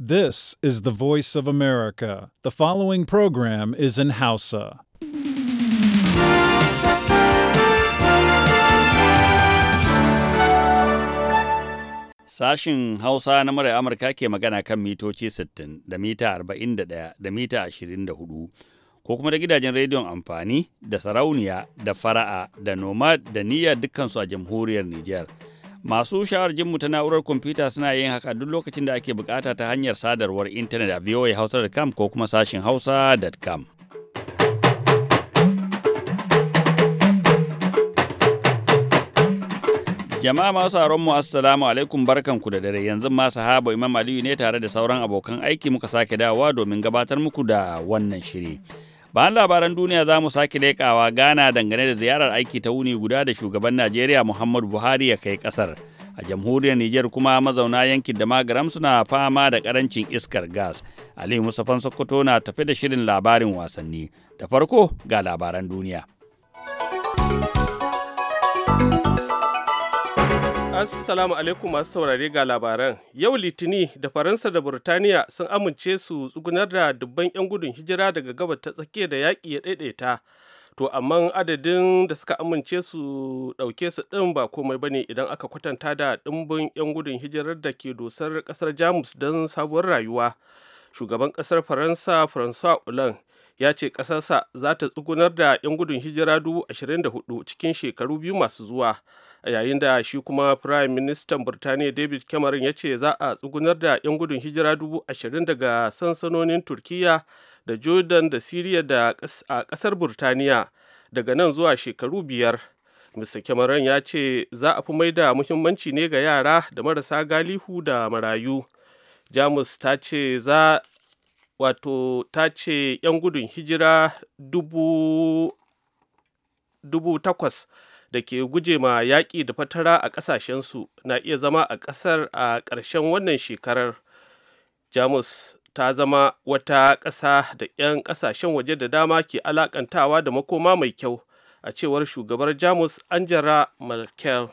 This is the voice of America. The following program is in Hausa. Sashin Hausa na murya Amurka ke magana kan mitoci 60 da mita 41 da mita 24 ko kuma da gidajen rediyon amfani da sarauniya da fara'a da nomad da niyyar dukkansu a jamhuriyar Nijar. Masu mu ta na'urar kwamfuta suna yin haka duk lokacin da ake bukata ta hanyar sadarwar intanet a voahausa.com ko kuma sashin hausa.com. Jama'a masu mu assalamu alaikum barkanku da dare yanzu ma sahaba Imam Aliyu ne tare da sauran abokan aiki muka sake dawowa domin gabatar muku da wannan shiri. Bayan labaran duniya za mu sake leƙawa gana dangane da ziyarar aiki ta wuni guda da shugaban Najeriya Muhammadu Buhari ya kai ƙasar. A jamhuriyar Nijar kuma mazauna yankin da magaram suna fama da ƙarancin iskar gas. Ali Musafan Sokoto na tafi da shirin labarin wasanni. Da farko ga labaran duniya. Assalamu alaikum masu saurare ga labaran. Yau Litini da Faransa da Burtaniya sun amince su tsugunar da dubban 'yan gudun hijira daga gabar ta tsakiya da yaƙi ya ɗaiɗaita. To amma adadin da suka amince su ɗauke su ɗin ba komai ba ne idan aka kwatanta da ɗimbin 'yan gudun hijirar da ke dosar ƙasar Jamus don sabuwar rayuwa. Shugaban ƙasar Faransa François Hollande ya ce ƙasarsa za ta tsugunar da 'yan gudun hijira dubu 24 cikin shekaru biyu masu zuwa. a yayin da shi kuma prime ministan burtaniya david cameron ya ce za a tsugunar da 'yan gudun hijira dubu ashirin daga sansanonin turkiya da jordan da syria da a kasar burtaniya daga nan zuwa shekaru biyar mr cameron ya ce za a fi mai da muhimmanci ne ga yara da marasa galihu da marayu jamus ta ce za wato ta ce 'yan gudun hijira dubu, dubu takwas da ke guje ma yaƙi da fatara a ƙasashensu na iya zama a ƙasar a ƙarshen wannan shekarar jamus ta zama wata ƙasa da 'yan ƙasashen waje da dama ke alaƙantawa da makoma mai kyau a cewar shugabar jamus Anjara merkel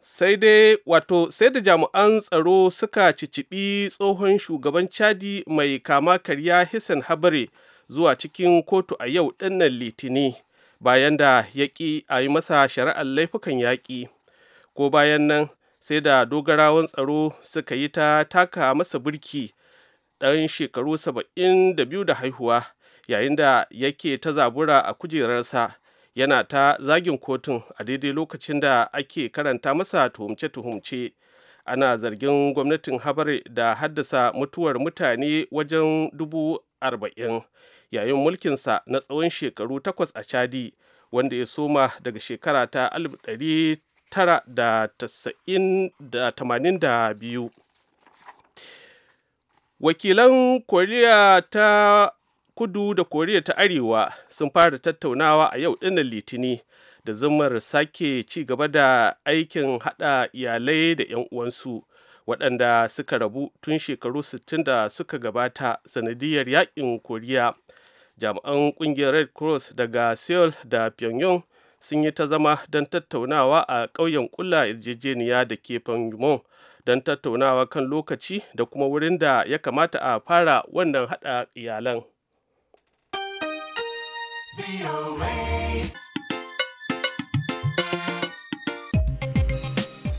sai dai wato sai da jami'an tsaro suka cicibi tsohon shugaban chadi mai kama karya hissen habare zuwa cikin kotu a yau dinnan litini bayan da ya ƙi a yi masa shari'ar laifukan yaƙi ko bayan nan sai da dogarawan tsaro suka yi ta taka masa birki ɗan shekaru saba'in da biyu da haihuwa yayin da yake ta zabura a kujerarsa yana ta zagin kotun a daidai lokacin da ake karanta masa tuhumce-tuhumce ana zargin gwamnatin habar da haddasa mutuwar mutane wajen dubu arba'in yayin mulkinsa na tsawon shekaru takwas a chadi wanda ya soma daga shekara ta 1982 wakilan koriya ta kudu da koriya ta arewa sun fara tattaunawa a yau dinnan litini da zumar sake ci gaba da aikin hada iyalai da 'yan uwansu waɗanda suka rabu tun shekaru 60 da suka gabata sanadiyar yakin koriya jami'an kungiyar red cross daga seoul da pyongyang sun yi ta zama don tattaunawa a ƙauyen kula yarjejeniya da ke pyongyang don tattaunawa kan lokaci da kuma wurin da ya kamata a fara wannan haɗa iyalan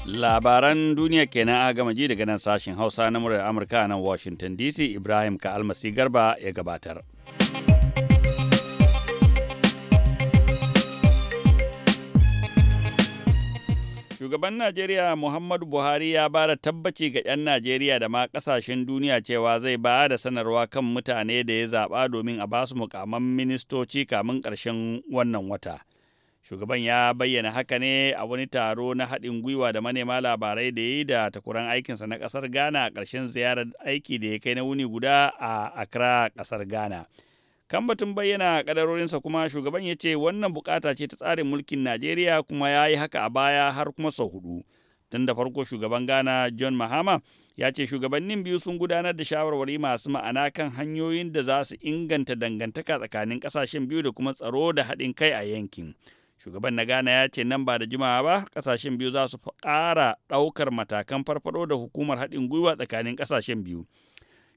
labaran duniya kenan a gama ji daga nan sashen hausa na murar amurka nan washington dc ibrahim ka almasi garba ya gabatar. Shugaban Najeriya Muhammadu Buhari ya bara tabbaci ga 'yan Najeriya da ma ƙasashen duniya cewa zai ba da sanarwa kan mutane da ya zaɓa domin a ba su mukaman ministoci kamun ƙarshen wannan wata. Shugaban ya bayyana haka ne a wani taro na haɗin gwiwa da manema labarai da ya yi da takuran aikinsa na ƙasar Ghana a ƙarshen ziyarar aiki da ya kai na wuni guda a Accra ƙasar Ghana. kan batun bayyana kadarorinsa kuma shugaban ya ce wannan bukata ce ta tsarin mulkin najeriya kuma ya yi haka a baya har kuma sau hudu don da farko shugaban ghana john mahama ya ce shugabannin biyu sun gudanar da shawarwari masu ma'ana kan hanyoyin da za su inganta dangantaka tsakanin kasashen biyu da kuma tsaro da haɗin kai a yankin shugaban na ghana ya ce nan ba da jimawa ba kasashen biyu za su ƙara ɗaukar matakan farfado da hukumar haɗin gwiwa tsakanin kasashen biyu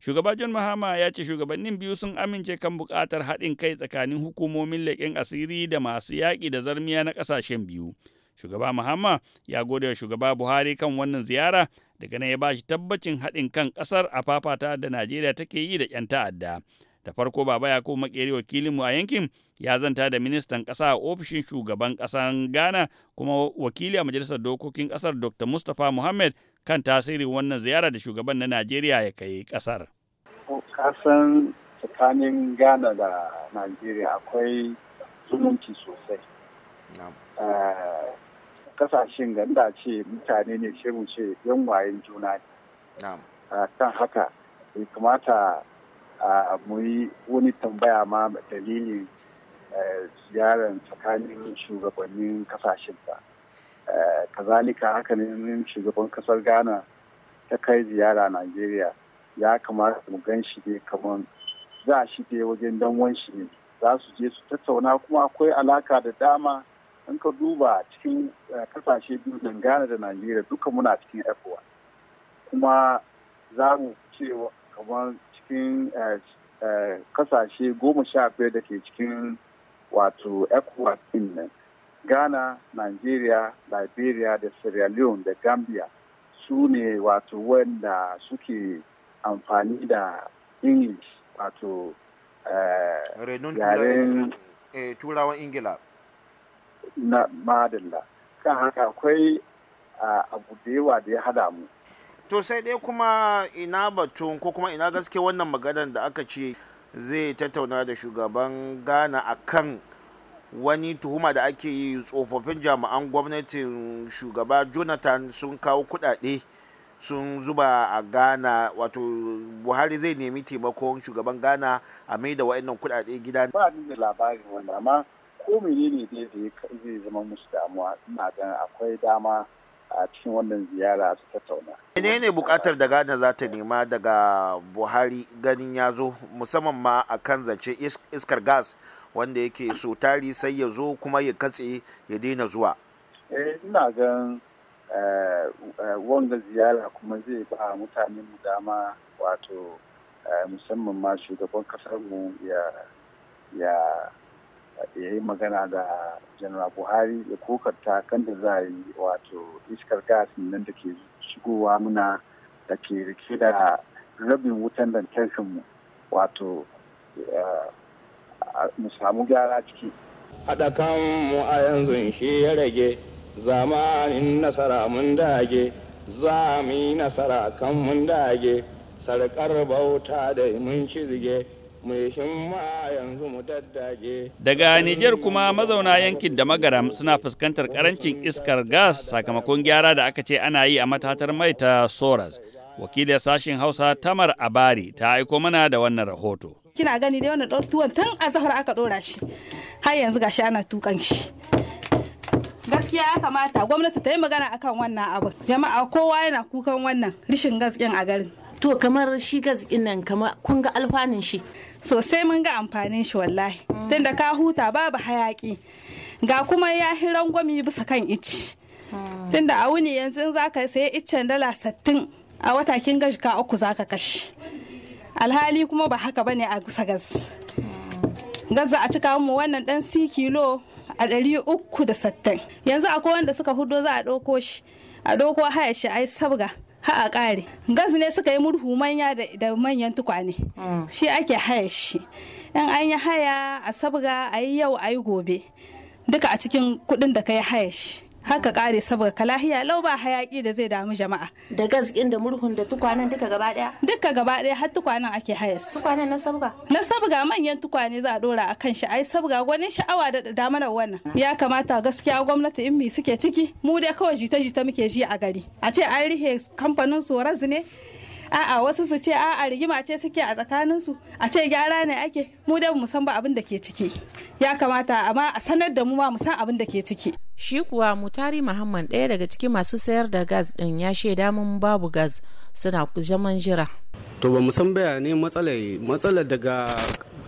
shugaba john mahama ya ce shugabannin biyu sun amince kan buƙatar haɗin kai tsakanin hukumomin leƙen asiri da masu yaƙi da zarmiya na ƙasashen biyu shugaba mahama ya gode wa shugaba buhari kan wannan ziyara daga nan ya ba shi tabbacin haɗin kan ƙasar a fafata da najeriya take yi da 'yan ta'adda da farko baba ya koma makeri wakilinmu a yankin ya zanta da ministan ƙasa a ofishin shugaban ƙasar ghana kuma wakili a majalisar dokokin ƙasar dr mustapha muhammad kan tasirin wannan ziyara da shugaban na Najeriya ya kai ƙasar. Kasan tsakanin Ghana da Najeriya akwai zumunci sosai. Kasashen eh, ganda ce mutane ne shirin ce yan wayen juna ne. Kan haka, ya kamata mu yi wani tambaya ma dalilin eh, ziyarar tsakanin shugabannin kasashen ba. Eh, kazalika haka ne shugaban kasar ghana ta kai ziyara najeriya ya kamata mu gan shi ne kamar za shi ne wajen dan shi ne za su je su tattauna kuma akwai alaka da dama in ka duba cikin eh, kasashe biyu da ghana da najeriya duka muna cikin f1 kuma za mu cewa kamar cikin eh, kasashe goma sha biyar da ke cikin wato ecowas din nan ghana nigeria liberia da sierra leone da gambia su ne wato wanda suke amfani da english wato eh, yaren eh, turawan ingila na madalla kan haka akwai abu da yawa da ya hada mu to sai dai kuma ina batun ko kuma ina gaske wannan maganar da aka ce zai tattauna da shugaban ghana akan wani tuhuma da ake yi tsofaffin jami'an gwamnatin shugaba jonathan sun kawo kudade sun zuba a ghana wato buhari zai nemi taimakon shugaban ghana a mai da wa'annan kudade gida ba ni da labarin wanda amma ko menene ne zai zama musu damuwa ina ganin akwai dama a cikin wannan ziyara su tattauna. Menene bukatar da Ghana za ta nema daga Buhari ganin ya zo musamman ma akan kan zance iskar gas wanda yake so tari sai ya zo kuma ya katse ya daina zuwa eh, ina gan eh, eh, wanga ziyara kuma zai ba mutane mu dama wato musamman ma shugaban kasar mu ya ya yi magana da general buhari ya kokarta kan da za yi wato iskar gas nan da ke shigowa muna da ke rike da rabin wutan lantarkinmu wato mu samu gyara ciki haɗa kanmu a yanzu shi ya rage zamanin nasara mun dage za mu yi nasara kan mun dage sarkar bauta da mun shirge Daga Nijar kuma mazauna yankin da magaram suna fuskantar karancin iskar gas sakamakon gyara da aka ce ana yi a matatar mai ta Soras. Wakilin sashen Hausa Tamar Abari ta aiko mana da wannan rahoto. kina gani dai wannan tuwon tun a zahar aka dora shi har yanzu gashi ana tukan shi gaskiya ya kamata gwamnati ta yi magana akan wannan abin jama'a kowa yana kukan wannan rishin gaskin a garin to kamar shi gaskin nan kamar kun ga alfanin shi sosai mun ga amfanin shi wallahi mm. tun da ka huta babu hayaki ga kuma ya rangwami bisa kan ici mm. tun a wuni yanzu za ka sayi iccen dala sattin a wata kin gashi ka uku za ka kashi alhali kuma ba haka bane a gusa gas gas a cika mu wannan dan si kilo a ɗari uku da sattan yanzu akwai wanda suka hudo za a ɗauko shi a ɗauko haya shi ai sabga ha a ƙare gas ne suka yi murhu manya da manyan tukwane mm. shi ake haya shi in an yi haya a sabga a yi yau a yi gobe duka a cikin kuɗin da ka yi haya shi haka kare saboda ka lahiya lau ba hayaki da zai damu jama'a da gaskin da murhun da tukwanen duka gaba daya duka gaba daya har tukwanen ake haya su tukwanen na sabga na sabga manyan tukwane za a dora a kan shi ai sabga gwanin sha'awa da damar wannan ya kamata gaskiya gwamnati in mi suke ciki mu dai kawai jita jita muke ji a gari a ce an rihe kamfanin su ne a'a wasu su ce a'a rigima ce suke a tsakaninsu a ce gyara ne ake mu da mu san ba abin da ke ciki ya kamata amma a sanar da mu ma mu san abin da ke ciki shi kuwa mutari muhammad ɗaya daga cikin masu sayar da gas din ya shaida mun babu gas suna zaman jira to ba mu san bayani matsalar daga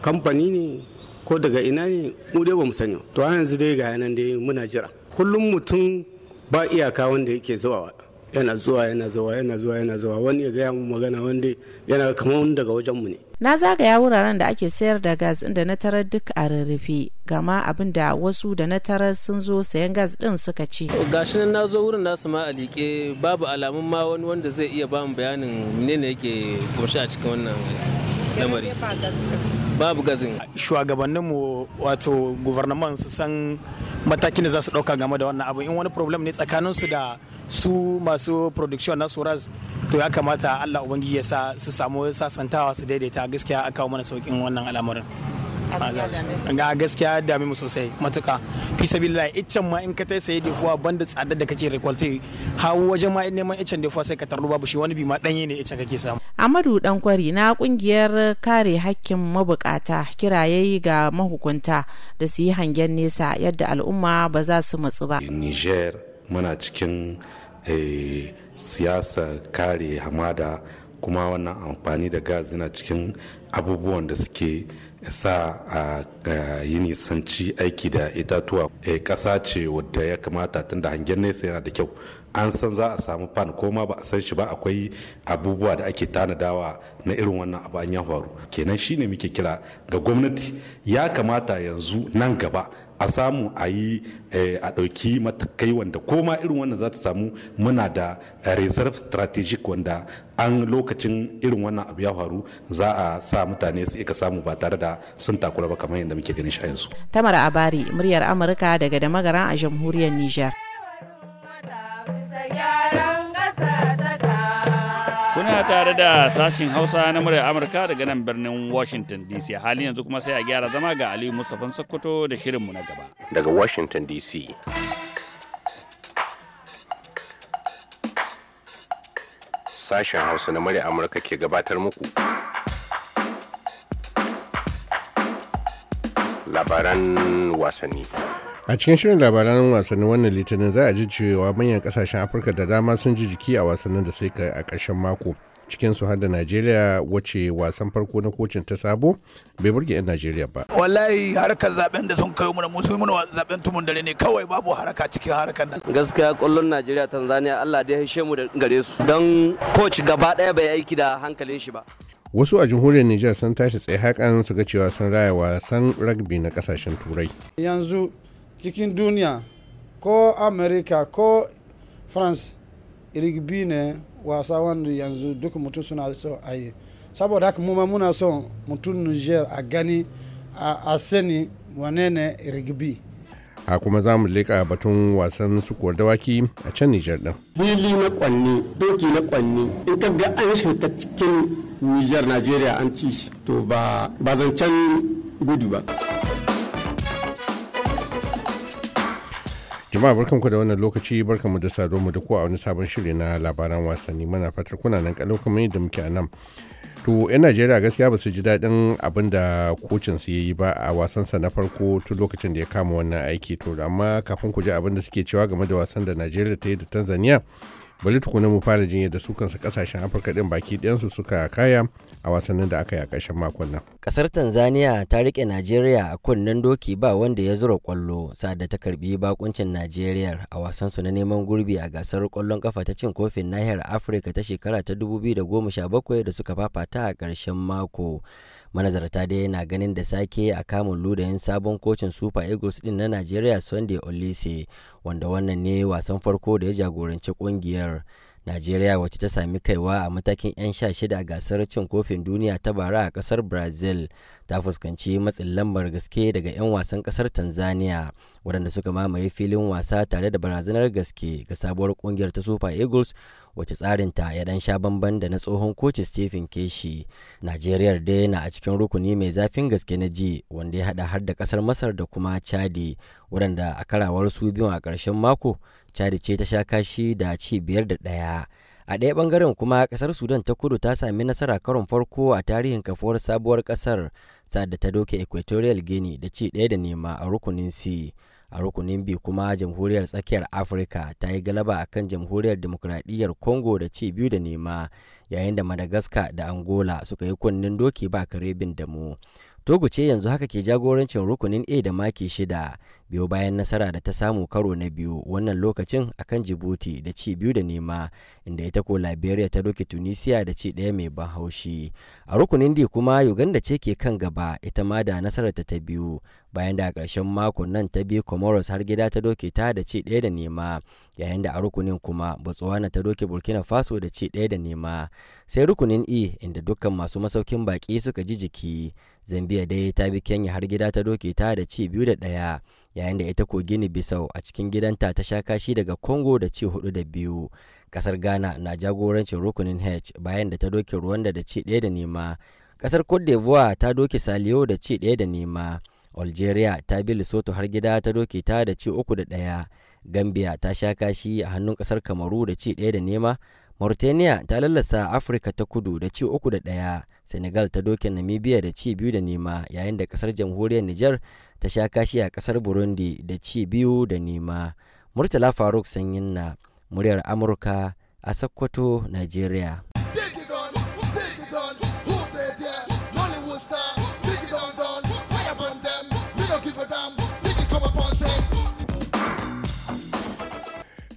kamfani ne ko daga ina ne mu dai ba mu sani to a yanzu dai ga yanan dai muna jira kullum mutum ba iyaka wanda yake zuwa yana zuwa yana zuwa yana zuwa yana zuwa wani ya gaya mu magana wanda yana kamar wani daga wajen mu ne na zagaya wuraren da ake sayar da gas inda na tarar duk a rarrafe gama abin da wasu da na tarar sun zo sayan gas din suka ce gashi nan na zo wurin nasu ma a liƙe babu alamun ma wani wanda zai iya ba mu bayanin ne yake kumshi a cikin wannan lamari babu gazin mu wato guvernaman su san matakin da za su ɗauka game da wannan abu in wani problem ne tsakaninsu da su masu production na suras to ya kamata allah ubangiji ya sa su samu sasantawa su daidaita gaskiya a kawo mana saukin wannan al'amarin ga gaskiya dami mu sosai matuka fi sabila iccen ma in ka tai saye defuwa banda tsadar da kake rekwalti ha wajen ma in neman iccen defuwa sai ka tarru babu shi wani bi ma danye ne iccen kake samu Amadu Dankwari na kungiyar kare hakkin mabukata kiraye ga mahukunta da su yi hangen nesa yadda al'umma ba za su matsu ba Niger muna cikin Eh, siyasa kare hamada kuma wannan amfani da gas yana cikin abubuwan da suke sa a yi nisanci aiki da itatuwa eh, ƙasa ce wadda ya kamata tun da hangen nesa yana da kyau an san za a samu fan ko ma ba a san shi ba akwai abubuwa da ake tanadawa na irin wannan abu an ya faru kenan shine muke kira ga gwamnati ya kamata yanzu nan gaba a samu a yi eh, a ɗauki matakai wanda koma irin wannan za ta samu muna da eh, reserve strategic wanda an lokacin irin wannan abu ya faru za a sa mutane su ika samu ba tare da sun takura ba kamar yadda muke ganin shi yanzu. Tamara Abari, muryar Amurka daga da magaran a jamhuriyar Nijar. Kuna tare da sashin Hausa na murya Amurka daga nan birnin Washington DC. Halin yanzu kuma sai a gyara zama ga Aliyu Mustapha Sokoto da shirinmu na gaba. Daga Washington DC. Sashen Hausa na murya Amurka ke gabatar muku. Labaran wasanni. a cikin shirin labaran wasannin wannan litinin za a ji cewa manyan kasashen afirka da dama sun ji jiki a wasannin da sai ka a ƙarshen mako su har da najeriya wace wasan farko na kocin ta sabo bai burge 'yan najeriya ba wallahi harkar zaben da sun kai mu mu sun mana zaben tumun dare ne kawai babu haraka cikin harkar nan gaskiya kullun najeriya tanzania allah dai haishe mu da gare su don coach gaba daya bai aiki da hankalin shi ba wasu a jamhuriyar Nijar sun tashi tsaye hakan su ga cewa sun raya wasan rugby na kasashen turai yanzu cikin duniya ko Amerika ko france rigbi ne wasa wanda yanzu duk mutum suna so a yi saboda haka mu muna so mutum niger a gani a sani wane ne rigbi a kuma za mu leƙa batun wasan sukuwar dawaki a can Nijar ɗin. Fili na kwanne, doki na kwanne, in ka ga an shirta cikin Nijar Najeriya an ci to ba zan can gudu ba. jama'a barkanku da wannan lokaci mu da saduwa mu da ku a wani sabon shiri na labaran wasanni muna fatar kuna nan kalau kuma yadda muke a nan to 'yan najeriya gaskiya ba su ji daɗin abin da kocin su yi ba a wasansa na farko tun lokacin da ya kama wannan aiki to amma kafin ku ji abin da suke cewa game da wasan da najeriya ta yi da tanzania bari tukuna mu fara jin da su kansa kasashen afirka din baki ɗayansu suka kaya a wasannin da aka yi a ƙarshen makon nan ƙasar tanzania ta riƙe najeriya a kunnen doki ba wanda ya zura ƙwallo da ta karbi bakuncin najeriya a wasan su na neman gurbi a gasar kwallon kafa ta cin kofin nahiyar afirka ta shekara ta 2017 da suka fafata a ƙarshen mako manazarta dai yana ganin da sake a kamun ludayin sabon kocin super eagles din na nigeria sunday olise wanda wannan ne wasan farko da ya jagoranci kungiyar najeriya wacce ta sami kaiwa a matakin 'yan sha shida a gasar cin kofin duniya ta bara a kasar brazil ta fuskanci matsin lambar gaske daga 'yan wasan kasar tanzania waɗanda suka mamaye filin wasa tare da barazanar gaske ga sabuwar kungiyar ta super eagles wacce tsarinta ya dan sha bamban da na tsohon kocin stephen keshi najeriya dai na a cikin rukuni mai zafin gaske na ji wanda ya hada har da kasar masar da kuma chadi waɗanda a karawar su biyu a ƙarshen mako chad ce ta sha kashi da ci biyar da ɗaya a ɗaya ɓangaren kuma ƙasar sudan ta kudu ta sami nasara karon farko a tarihin kafuwar sabuwar ƙasar da ta doke equatorial guinea da ci ɗaya da nema a rukunin c a rukunin b kuma jamhuriyar tsakiyar afirka ta yi galaba a kan jamhuriyar demokuraɗiyyar congo da ci biyu da nema yayin da madagascar da angola suka yi kunnen doki ba kare da mu togo ce yanzu haka ke jagorancin rukunin a da maki shida biyo bayan nasara da ta samu karo na biyu wannan lokacin akan jibuti da ci biyu da nema inda ita ko liberia ta doke tunisia da ci daya mai ban haushi a rukunin di kuma uganda ce ke kan gaba ita ma da nasarar ta biyu bayan da a ƙarshen makon nan ta bi comoros har gida ta doke ta da ci ɗaya da nema yayin da a rukunin kuma botswana ta doke burkina faso da ci ɗaya da nema sai rukunin e inda dukkan masu masaukin baki suka ji jiki zambia dai ta bi kenya har gida ta doke ta da ci biyu da ɗaya yayin da ita ko gini bisau a cikin gidanta ta sha kashi daga congo da ci hudu da biyu kasar ghana na jagorancin rukunin h bayan da ta doke ruwan da ci daya da nema kasar cote d'ivoire ta doke saliyo da ci daya da nema algeria ta bi lesotho har gida ta doke ta da ci uku da ɗaya gambia ta sha kashi a hannun kasar kamaru da ci daya da nema Mauritania ta lallasa Afirka ta kudu da ci uku da ɗaya, Senegal ta doke Namibia da ci biyu da nema yayin da kasar jamhuriyar Nijar ta sha kashi a kasar Burundi da ci biyu da nema. Murtala Faruk Sanyin na muryar Amurka a Sokoto, nigeria.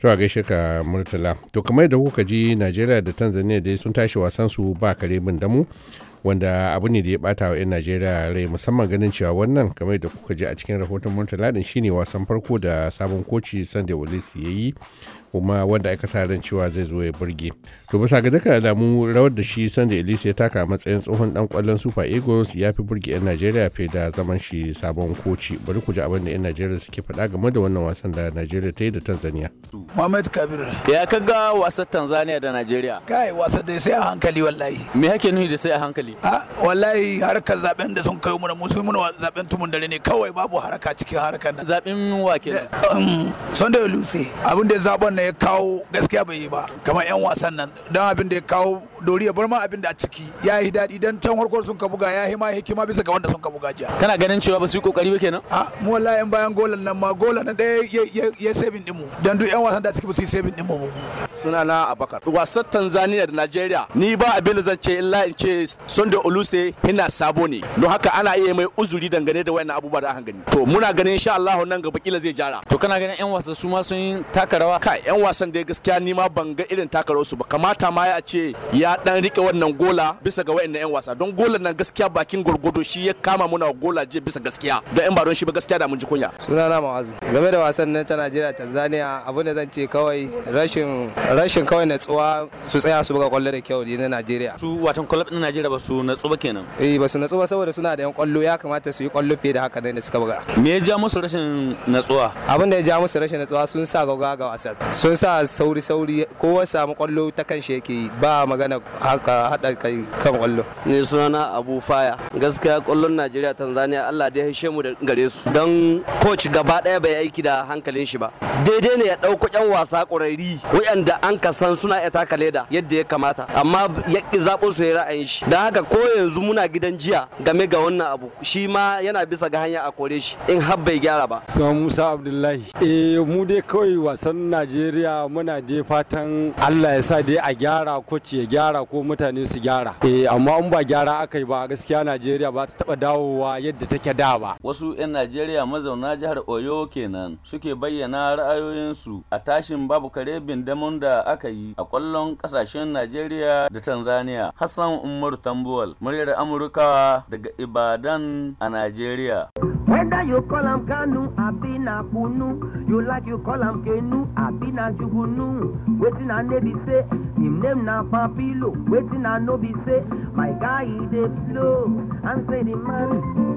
to a gaishe murtala to kamar da kuka ji najeriya da tanzania dai sun tashi wasan su ba kare bin damu wanda abu ne da ya bata wa 'yan najeriya rai musamman ganin cewa wannan kamar da kuka ji a cikin rahoton murtala din shine wasan farko da sabon koci sunday wallace ya yi kuma wanda aka sa ran cewa zai zo ya burge to bisa ga dukkan alamu rawar da shi Sunday elise ya taka matsayin tsohon dan kwallon super eagles ya fi burge yan najeriya fiye da zaman shi sabon koci bari ku ji abin da yan najeriya suke faɗa game da wannan wasan da najeriya ta yi da tanzania muhammad kabir ya kaga wasan tanzania da najeriya kai wasan da sai a hankali wallahi me hake nuni da sai a hankali a wallahi harkar zaben da sun kai mu da musu mun zaben tumun dare ne kawai babu haraka cikin harkar nan zaben wa kenan um, Sunday elise abin da zaben ne ya kawo gaskiya bai yi ba kamar 'yan wasan nan don abin da ya kawo doriya bar ma abin da a ciki ya yi daɗi don can harkar sun ka buga ya yi ma hikima bisa ga wanda sun ka buga jiya kana ganin cewa ba su yi kokari ba kenan a mu wallahi yan bayan golan nan ma golan nan ɗaya ya saving ɗin mu don duk yan wasan da ciki ba su yi saving din mu na abakar wasan tanzania da nigeria ni ba abin da zan ce illa in ce sunday oluse ina sabo ne don haka ana iya mai uzuri dangane da wayannan abubuwa da aka gani to muna ganin insha Allahu nan gaba kila zai jara to kana ganin yan wasan su ma sun taka rawa kai yan wasan da gaskiya ni ma ban ga irin taka su ba kamata ma ya ce ya dan rike wannan gola bisa ga wayannan yan wasa don golan nan gaskiya bakin gurgudu shi ya kama muna gola je bisa gaskiya don in ba don shi ba gaskiya da mun ji kunya sunana mawazu game da wasan nan ta Najeriya Tanzania abin da zan ce kawai rashin rashin kawai natsuwa su tsaya su buga kwallo da kyau ne na Najeriya su watan club na Najeriya ba su natsu ba kenan eh ba su natsu ba saboda suna da yan kwallo ya kamata su yi kwallo fiye da haka da suka buga me ya ja musu rashin natsuwa abin da ya ja musu rashin natsuwa sun sa gauga ga wasan sun sa sauri sauri kowa samu kwallo ta kan shi yake ba magana wanda haka haɗa kai kan kwallo ni sunana abu faya gaskiya kwallon najeriya tanzania allah da ya haishe mu da gare su don coach gaba ɗaya bai aiki da hankalin shi ba daidai ne ya ɗauko ƴan wasa ƙwararri waɗanda an ka san suna ya taka leda yadda ya kamata amma ya ƙi zaɓo su ya ra'ayin shi Dan haka ko yanzu muna gidan jiya game ga wannan abu shi ma yana bisa ga hanya a kore shi in har bai gyara ba suna musa abdullahi eh mu dai kawai wasan najeriya muna dai fatan allah ya sa dai a gyara coach ya gyara gyara ko mutane su gyara eh amma in ba gyara aka yi ba gaskiya najeriya ba ta taba dawowa yadda take da ba wasu 'yan najeriya mazauna jihar oyo kenan suke bayyana ra'ayoyinsu a tashin babu kare bindamon da aka yi a kwallon kasashen najeriya da tanzania hassan umaru tambuwal muryar amurka daga ibadan a najeriya Mwen dan yo kol am kan nou, api nan pou nou Yo lak yo kol am ken nou, api nan chougou nou Wè ti nan nebi se, im nem nan pa pi lou Wè ti nan nobi se, may ga ide flow An se di man Mwen dan yo kol am kan nou, api nan pou nou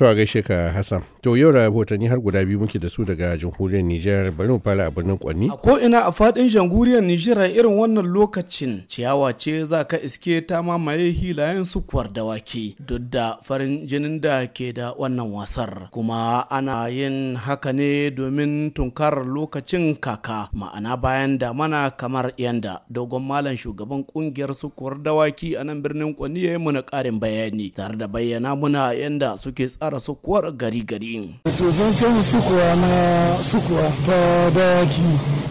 To a gaishe ka Hassan. To yau rahotanni har guda biyu muke da su daga jamhuriyar Nijar bari mu fara a birnin Kwani. A ko ina a fadin jamhuriyar Nijar irin wannan lokacin ciyawa ce za ka iske ta mamaye hilayen da dawaki duk da farin jinin da ke da wannan wasar. Kuma ana yin haka ne domin tunkar lokacin kaka ma'ana bayan da mana kamar yanda dogon malam shugaban kungiyar da dawaki a nan birnin Kwani ya yi na karin bayani tare da bayyana muna yanda suke tsara fara sukuwar gari-gari. to zancen sukuwa na sukuwa ta dawaki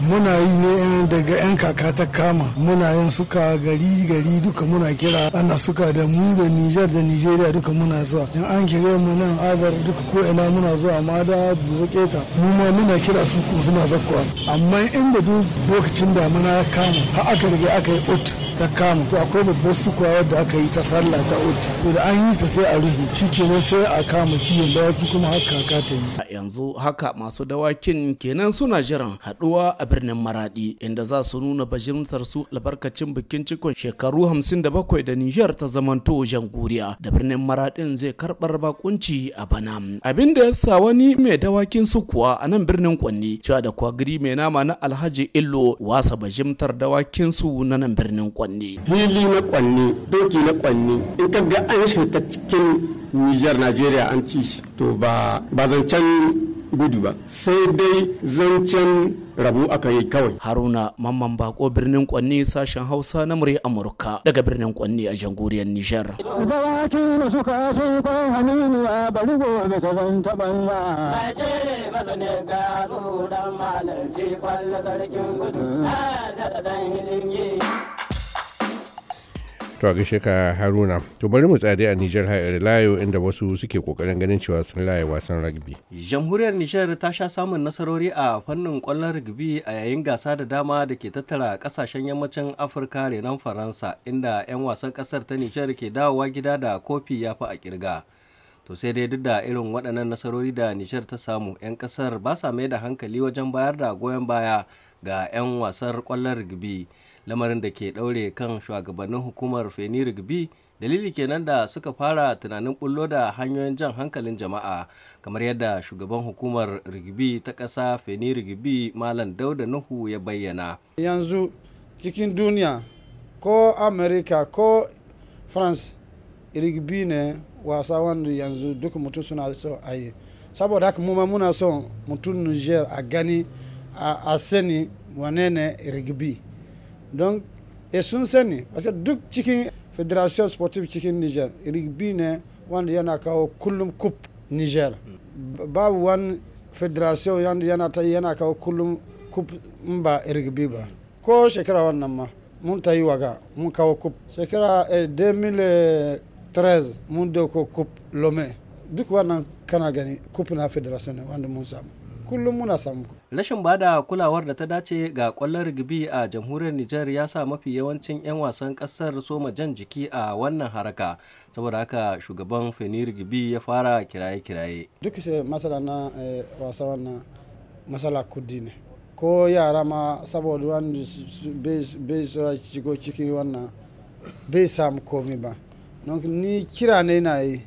muna yi ne daga 'yan kaka ta kama muna yin suka gari-gari duka muna kira ana suka da mu da nijar da nijeriya duka muna zuwa in an kire mu nan adar duka ko ina muna zuwa amma da buza keta mu ma muna kira su suna zakkuwa amma inda duk lokacin damuna ya kama har aka riga aka yi ot. ta kama to akwai babbar sukuwa yadda aka yi ta sallah ta oti to da an yi ta sai a rufe shi ne sai a kama kiyon dawaki kuma haka ka ta yi a yanzu haka masu dawakin kenan suna jiran haduwa a birnin maradi inda za su nuna bajimtar su albarkacin bikin cikon shekaru 57 da bakwai da Nijar ta zamanto janguriya da birnin maradin zai karbar bakunci a bana abin da ya wani mai dawakin sukuwa a nan birnin kwanni cewa da kwagiri mai nama na alhaji illo wasa bajimtar dawakin su na nan birnin kwanni kwanne Lili na kwanne doki na kwanne in ka ga an shi ta cikin Nijar Najeriya an ci shi to ba ba zancen gudu ba sai dai zancen rabu aka yi kawai haruna mamman bako birnin kwanni sashen hausa na murya amurka daga birnin kwanni a jamhuriyar nijar hilin yi. to a gaishe ka haruna to bari mu tsade a nijar har layo inda wasu suke kokarin ganin cewa sun laye wasan rugby jamhuriyar nijar ta sha samun nasarori a fannin kwallon rugby a yayin gasa da dama da ke tattara kasashen yammacin afirka renon faransa inda 'yan wasan kasar ta nijar ke dawowa gida da kofi ya fi a kirga to sai dai duk da irin waɗannan nasarori da nijar ta samu 'yan kasar ba sa mai da hankali wajen bayar da goyon baya ga 'yan wasan kwallon rugby lamarin da ke ɗaure kan shugabannin hukumar feni rigbi dalili kenan da suka fara tunanin bullo da hanyoyin jan hankalin jama'a kamar yadda shugaban hukumar rigbi ta ƙasa feni rigbi malam dauda nuhu ya bayyana yanzu cikin duniya ko america ko france rigbi ne wasa wanda yanzu duk mutum suna so a yi saboda haka mu muna so mutum niger a gani a sani wane ne rigbi don e sun sani parce duk cikin federation sportive cikin niger rigbi ne wanda yana kawo kullum cup niger mm. babu wani federation yana ta yana kawo kullum cup in ba rigbi ba ko shekara wannan ma mun ta yi waga mun kawo cup shekara 2013 eh, mun cup lome duk wannan kana gani cup na ne wanda mun samu kullum muna samu Rashin bada kulawar da ta dace ga kwallon rugby a jamhuriyar Nijar ya sa mafi yawancin 'yan wasan kasar soma jan jiki a wannan haraka. Saboda haka shugaban Feni rugby ya fara kiraye-kiraye. Duk masala na eh, wasa wannan masala kudi ne. Ko yara ma saboda wani bai shigo ciki wannan bai samu komi ba. Ni kira ne na yi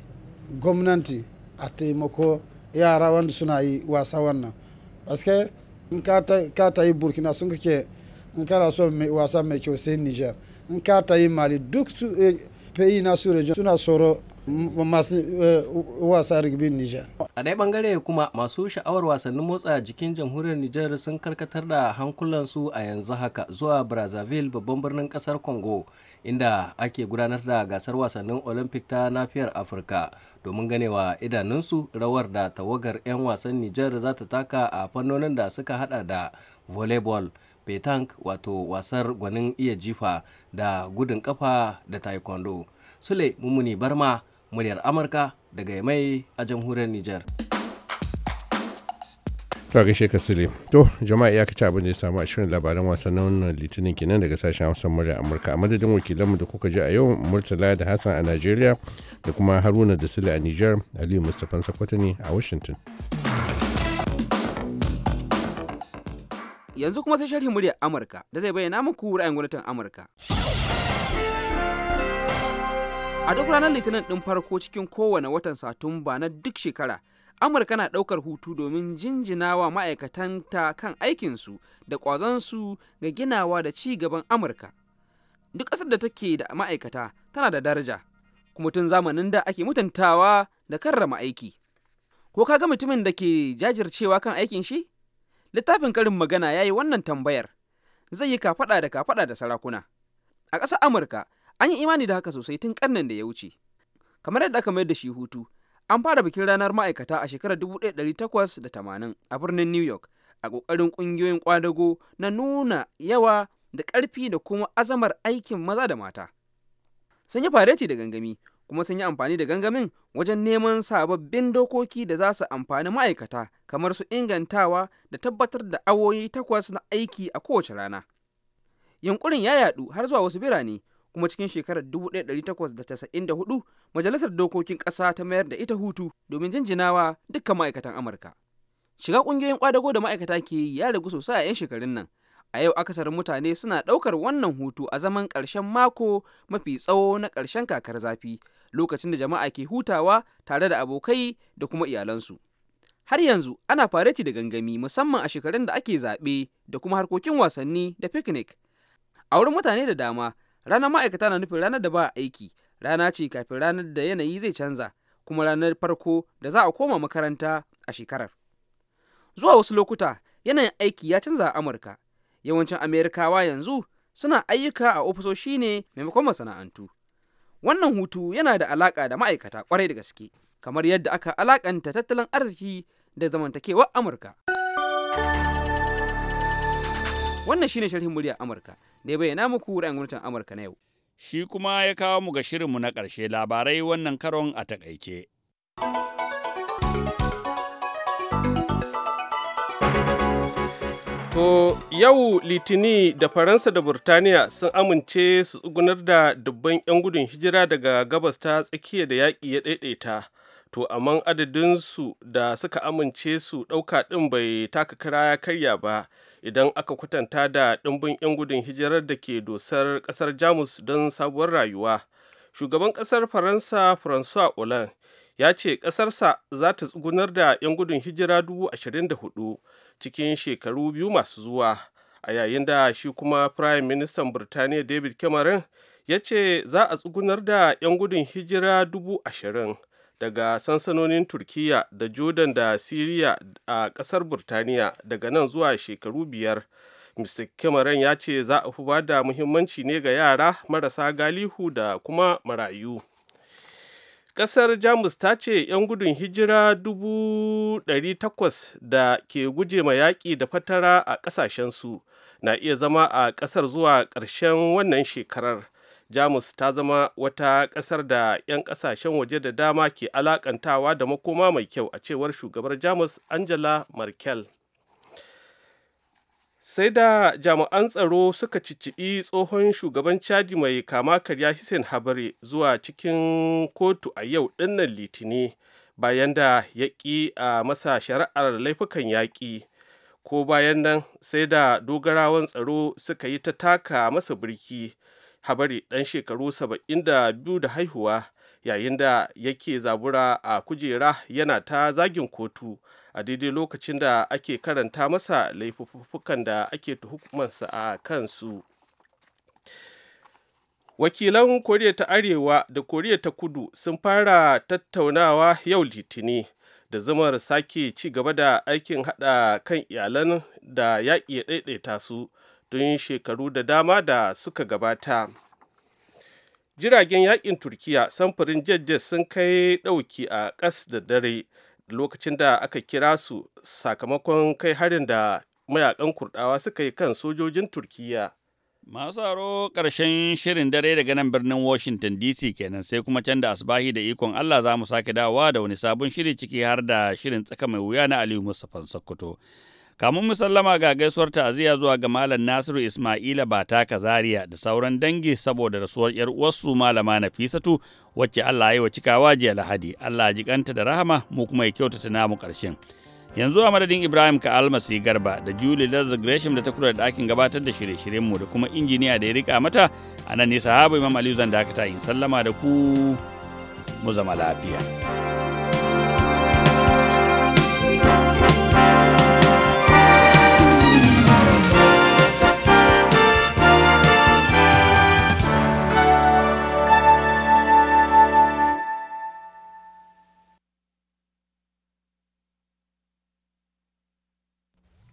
gwamnati a taimako yara wanda suna yi wasa wannan. parce que ka ta yi burkina sun kake in kana so wasa mai kyau sai niger in ka ta yi mali duk su eh, peyi na su region suna tsoro masu eh, wasa rugby niger a dai bangare kuma masu sha'awar wasannin motsa jikin jamhuriyar niger sun karkatar da hankulansu a yanzu haka zuwa brazzaville babban birnin kasar congo inda ake gudanar da gasar wasannin olympic ta nafiyar afirka domin ganewa idanunsu rawar da tawagar 'yan wasan nijar za ta taka a fannonin da suka hada da volleyball petank wato wasar gwanin iya jifa da gudun kafa da taekwondo sule mummuni barma muryar amurka daga mai a jamhuriyar nijar to gaishe ka sule to jama'a ya kaci abin da ya samu a shirin labaran wasannin litinin kenan daga sashen hausa murya amurka a madadin wakilanmu da kuka ji a yau murtala da hassan a najeriya da kuma haruna da sule a niger aliyu mustapha sakwato ne a washington yanzu kuma sai sharhin murya amurka da zai bayyana muku ra'ayin gwamnatin amurka a duk ranar litinin din farko cikin kowane watan satumba na duk shekara amurka na ɗaukar hutu domin jinjinawa ma'aikatanta kan aikinsu da ƙwazonsu ga ginawa da ci gaban amurka duk ƙasar da take da ma'aikata tana da daraja kuma tun zamanin da ake mutuntawa da karrama aiki ko ka ga mutumin da ke jajircewa kan aikin shi littafin karin magana ya yi wannan tambayar zai yi kafaɗa da kafaɗa da sarakuna a ƙasar amurka an yi imani da haka sosai tun ƙarnin da ya wuce kamar yadda aka mayar da shi hutu An fara bikin ranar ma'aikata a shekarar 1880 a birnin New York a ƙoƙarin ƙungiyoyin ƙwadago na nuna yawa da ƙarfi da kuma azamar aikin maza da mata. Sun yi fareti da gangami kuma sun yi amfani da gangamin wajen neman sababbin dokoki da za su amfani ma'aikata kamar su ingantawa da tabbatar da awoyi takwas na aiki a kowace rana. Yunƙurin ya yaɗu har zuwa wasu birane kuma cikin shekarar 1894 majalisar dokokin ƙasa ta mayar da ita hutu domin jinjinawa dukkan ma'aikatan amurka shiga ƙungiyoyin ƙwadago da ma'aikata ke yi ya ragu sosai a 'yan shekarun nan a yau akasarin mutane suna ɗaukar wannan hutu a zaman ƙarshen mako mafi tsawo na ƙarshen kakar zafi lokacin da jama'a ke hutawa tare da abokai da kuma iyalansu har yanzu ana fareti da gangami musamman a shekarun da ake zaɓe da kuma harkokin wasanni da picnic a wurin mutane da dama ranar ma'aikata na nufin ranar da ba aiki rana ce kafin ranar da yanayi zai canza kuma ranar farko da za a koma makaranta a shekarar zuwa wasu lokuta yanayin aiki ya canza a amurka yawancin amerikawa yanzu suna ayyuka a ofisoshi ne maimakon masana'antu wannan hutu yana da alaka da ma'aikata kwarai da gaske kamar yadda aka alakanta tattalin arziki da zamantakewar amurka wannan shine sharhin muryar amurka da ya bayyana muku ra'ayin gwamnatin Amurka na yau. Shi kuma ya kawo mu ga shirinmu na ƙarshe labarai wannan karon a taƙaice. To yau Litini da Faransa da Burtaniya sun amince su tsugunar da dubban 'yan gudun hijira daga gabas ta tsakiya da yaƙi ya ɗaiɗaita. To amma adadinsu da suka amince su ɗauka ɗin bai taka kara ya karya ba idan aka kwatanta da ɗumbin 'yan gudun hijirar da ke dosar ƙasar jamus don sabuwar rayuwa shugaban ƙasar faransa francois hollande ya ce ƙasarsa za ta tsugunar da 'yan gudun hijira dubu ashirin da hudu cikin shekaru biyu masu zuwa a yayin da shi kuma prime ministan birtaniya david cameron ya ce za a tsugunar da 'yan gudun hijira dubu ashirin daga sansanonin turkiya da jordan da syria a kasar burtaniya daga nan zuwa shekaru biyar mr cameron ya ce za a fi ba da muhimmanci ne ga yara marasa galihu da kuma marayu kasar jamus ta ce 'yan gudun hijira 800 da ke guje ma yaƙi da fatara a ƙasashensu na iya zama a ƙasar zuwa ƙarshen wannan shekarar jamus ta zama wata ƙasar da 'yan kasashen waje da dama ke alakantawa da makoma mai kyau a cewar shugabar jamus angela merkel sai da jami'an tsaro suka cicciɓi tsohon shugaban chadi mai kama karya hussein habare zuwa cikin kotu a yau dinnan litini bayan da ya ƙi a masa shari'ar laifukan yaƙi ko bayan nan sai da dogarawan tsaro suka yi ta taka masa birki habari ɗan shekaru saba'in da biyu da haihuwa yayin da yake zabura a kujera yana ta zagin kotu a daidai lokacin da ake karanta masa laifuffukan da ake tuhumarsa a kansu wakilan koriya ta arewa da koriya ta kudu sun fara tattaunawa yau litini da zamar sake ci gaba da aikin hada kan iyalan da yaƙi ya ɗaiɗaita su tun shekaru da dama da suka gabata jiragen yakin turkiya samfurin jejjes sun kai dauki a ƙas da dare lokacin da aka kira su sakamakon kai harin da mayakan kurdawa suka yi kan sojojin turkiya masu aro ƙarshen shirin dare daga nan birnin washington dc kenan sai kuma can da asbahi da ikon allah za mu sake dawowa da wani sabon shiri ciki har da shirin tsaka mai wuya na aliyu mustapha sokoto Kamun musallama ga gaisuwar ta'aziyya zuwa ga Malam Nasiru Ismaila Bata Kazariya da sauran dangi saboda rasuwar ‘yar uwarsu Malama Nafisatu wacce Allah ya yi wa cikawa jiya Lahadi. Allah ji kanta da rahama mu kuma ya kyautata namu karshen Yanzu a madadin Ibrahim ka almasi garba da Julie Lazar Gresham da ta kula da ɗakin gabatar da shirye-shiryenmu da kuma injiniya da ya rika mata a nan ne sahabu Imam Aliyu zan dakata in sallama da ku mu zama lafiya.